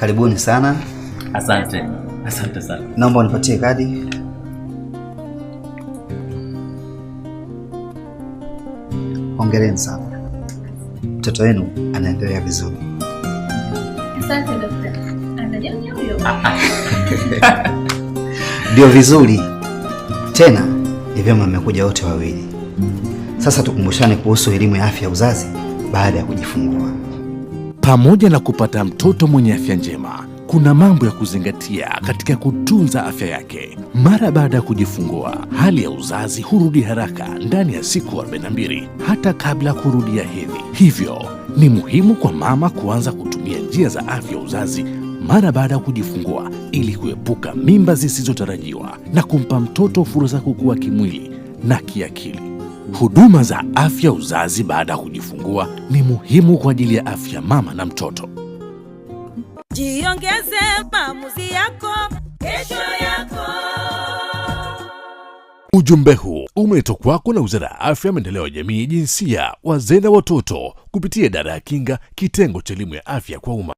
Karibuni sana. Asante, asante sana. Naomba unipatie kadi. Hongereni sana, mtoto wenu anaendelea vizuri. Asante daktari. Ah, ah. Ndio vizuri tena, ni vyema mmekuja wote wawili. Sasa tukumbushane kuhusu elimu ya afya ya uzazi baada ya kujifungua. Pamoja na kupata mtoto mwenye afya njema, kuna mambo ya kuzingatia katika kutunza afya yake. Mara baada ya kujifungua, hali ya uzazi hurudi haraka ndani ya siku 42 hata kabla ya kurudia hedhi. Hivyo ni muhimu kwa mama kuanza kutumia njia za afya ya uzazi mara baada ya kujifungua ili kuepuka mimba zisizotarajiwa na kumpa mtoto fursa kukua kimwili na kiakili. Huduma za afya uzazi baada ya kujifungua ni muhimu kwa ajili ya afya mama na mtoto. Jiongeze maamuzi yako, kesho yako. Ujumbe huu umeletwa kwako na Wizara ya Afya, Maendeleo ya Jamii, Jinsia, Wazee na Watoto kupitia Idara ya Kinga, Kitengo cha Elimu ya Afya kwa Umma.